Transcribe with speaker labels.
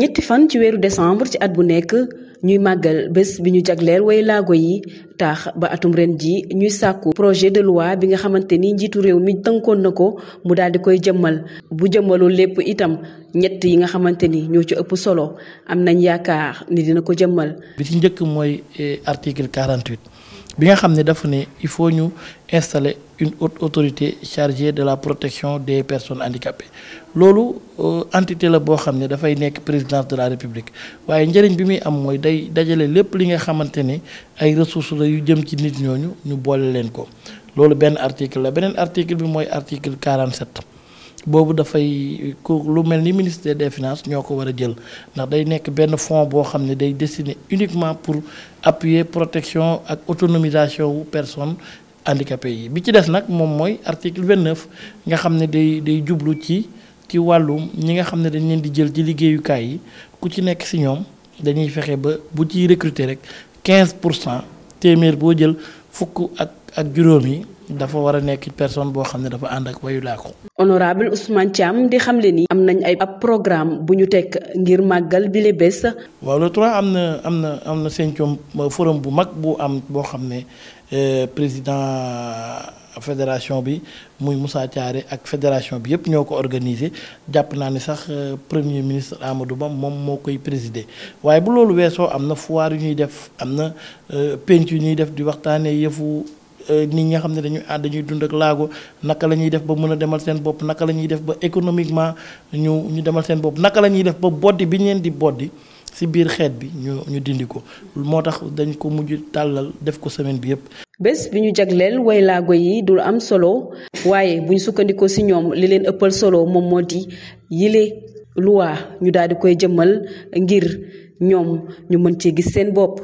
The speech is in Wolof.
Speaker 1: ñetti fan ci weeru décembre ci at bu nekk ñuy màggal bés bi ñu jagleel way laago yi taax ba atum ren ji ñuy sàkku projet de loi bi nga xamante ni njiitu réew mi tënkoon na ko mu daldi koy jëmmal bu jëmmalul lépp itam ñett yi nga xamante ni ñoo ci ëpp solo am nañ yaakaar ni dina ko jëmmal.
Speaker 2: bi ci njëkk mooy eh, article 48. bi nga xam ne dafa ne il faut ñu
Speaker 1: installer une haute
Speaker 2: autorité chargée de la protection des personnes handicapées loolu euh, entité la boo xam ne dafay nekk présidence de la république waaye njëriñ bi muy am mooy day dajale lépp li nga xamante ne ay ressources la yu jëm ci nit ñooñu ñu boole leen ko loolu benn article la beneen article bi mooy article 47. boobu dafay ku lu mel ni ministère des finance ñoo ko war a jël ndax day nekk benn fonds boo xam ne day destiné uniquement pour appuyer protection ak autonomisation wu personne handicapées yi bi ci des nag moom mooy article vingt neuf nga xam ne day day jublu ci ci wàllu ñi nga xam ne dañ leen di jël ci liggéeyukaay yi ku ci nekk si ñoom dañuy fexe ba bu ciy recruter rek quinze pour cent téeméer boo jël fukk ak ak juróom yi dafa war a nekk personne boo xam ne dafa ànd ak wayu laako
Speaker 1: honorable Ousmane Thiam di xamle ni. am nañ ay ab programme bu ñu teg ngir màggal bile bés.
Speaker 2: waaw le trois am na am na am na seen coom euh, forum bu mag bu am boo xam ne euh, président euh, fédération bi muy Moussa Thiaré ak fédération bi yëpp ñoo ko organisé jàpp naa ne sax premier ministre Amadou Ba moom moo koy présider waaye bu loolu weesoo am na foire yu ñuy def am na penc yu ñuy def di waxtaanee yëfu. Euh, nit ñi nga xam ne dañuy ànd dañuy dund ak laago naka la ñuy def ba mën a demal seen bopp naka la def ba économiquement ñu ñu demal seen bopp naka la ñuy def ba boddi bi ñu leen di boddi ci biir xeet bi ñu ñu dindi ko moo tax dañ
Speaker 1: ko mujj tàllal def ko semaine bi yépp bés bi ñu jagleel way laago yi dul am solo waaye bu ñu sukkandikoo ci ñoom li leen ëppal solo moom moo di yile luwaa ñu daal di koy jëmmal ngir ñoom ñu mën cee gis seen bopp